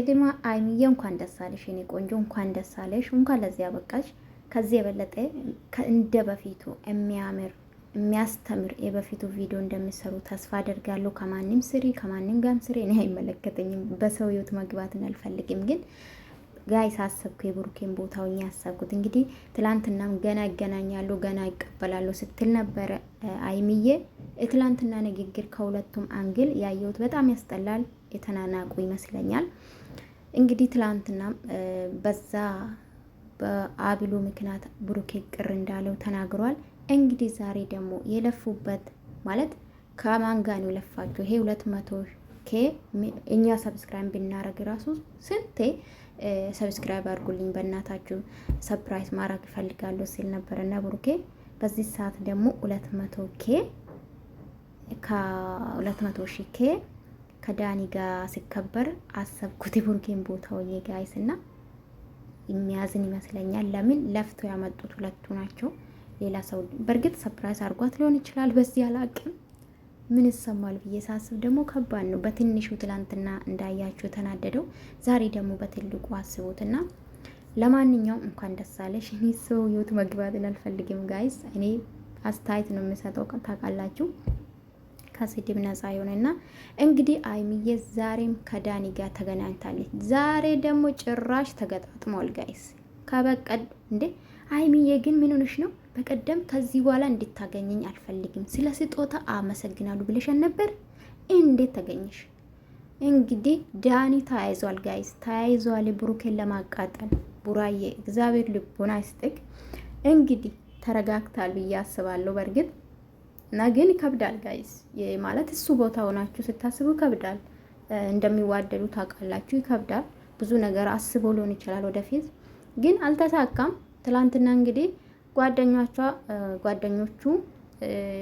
ቅድማ ሀይሚዬ እንኳን ደስ አለሽ የኔ ቆንጆ፣ እንኳን ደስ አለሽ፣ እንኳን ለዚህ አበቃሽ። ከዚህ የበለጠ እንደ በፊቱ የሚያምር የሚያስተምር የበፊቱ ቪዲዮ እንደሚሰሩ ተስፋ አደርጋለሁ። ከማንም ስሪ፣ ከማንም ጋም ስሪ፣ እኔ አይመለከተኝም። በሰው ህይወት መግባትን አልፈልግም ግን ጋይስ አሰብኩ የብሩኬን ቦታውኝ ያሰብኩት እንግዲህ ትላንትናም ገና ይገናኛሉ ገና ይቀበላሉ ስትል ነበረ አይምዬ። የትላንትና ንግግር ከሁለቱም አንግል ያየሁት በጣም ያስጠላል። የተናናቁ ይመስለኛል። እንግዲህ ትላንትናም በዛ በአብሉ ምክንያት ብሩኬ ቅር እንዳለው ተናግሯል። እንግዲህ ዛሬ ደግሞ የለፉበት ማለት ከማን ጋር ነው የለፋቸው ይሄ ሁለት መቶ ኬ እኛ ሰብስክራይብ ብናረግ ራሱ ስንቴ ሰብስክራይብ አድርጉልኝ በእናታችሁ ሰፕራይዝ ማድረግ ይፈልጋሉ ሲል ነበር እና ብሩኬ በዚህ ሰዓት ደግሞ ሁለት መቶ ኬ ከሁለት መቶ ሺ ኬ ከዳኒ ጋር ሲከበር አሰብኩት ብሩኬን ቦታው የጋይስ እና የሚያዝን ይመስለኛል። ለምን ለፍቶ ያመጡት ሁለቱ ናቸው። ሌላ ሰው በእርግጥ ሰፕራይዝ አድርጓት ሊሆን ይችላል። በዚህ አላቅም ምን ይሰማል ብዬ ሳስብ ደግሞ ከባድ ነው። በትንሹ ትላንትና እንዳያችሁ ተናደደው፣ ዛሬ ደግሞ በትልቁ አስቡትና ለማንኛውም እንኳን ደስ አለሽ። እኔ ሰው ህይወት መግባት አልፈልግም ጋይስ። እኔ አስተያየት ነው የምሰጠው ታውቃላችሁ፣ ከስድብ ነጻ የሆነና እንግዲህ አይሚዬ ዛሬም ከዳኒ ጋር ተገናኝታለች። ዛሬ ደግሞ ጭራሽ ተገጣጥሟል ጋይስ ከበቀል እንዴ ሀይሚዬ ግን ምን ሆነሽ ነው? በቀደም ከዚህ በኋላ እንድታገኘኝ አልፈልግም፣ ስለ ስጦታ አመሰግናሉ ብለሽን ነበር። እንዴት ተገኘሽ? እንግዲህ ዳኒ ተያይዟል፣ ጋይስ ተያይዟል። ብሩኬን ለማቃጠል ቡራዬ፣ እግዚአብሔር ልቦና ይስጥክ። እንግዲህ ተረጋግታል ብዬ አስባለሁ። በእርግጥ እና ግን ይከብዳል ጋይስ ማለት እሱ ቦታ ሆናችሁ ስታስቡ ይከብዳል። እንደሚዋደዱ ታውቃላችሁ፣ ይከብዳል። ብዙ ነገር አስቦ ሊሆን ይችላል ወደፊት ግን አልተሳካም። ትላንትና እንግዲህ ጓደኞቿ ጓደኞቹ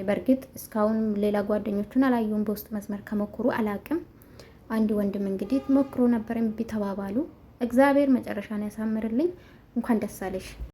በእርግጥ እስካሁን ሌላ ጓደኞቹን አላየሁም። በውስጥ መስመር ከሞክሩ አላቅም። አንድ ወንድም እንግዲህ ሞክሮ ነበር ቢተባባሉ። እግዚአብሔር መጨረሻን ያሳምርልኝ። እንኳን ደስ አለሽ።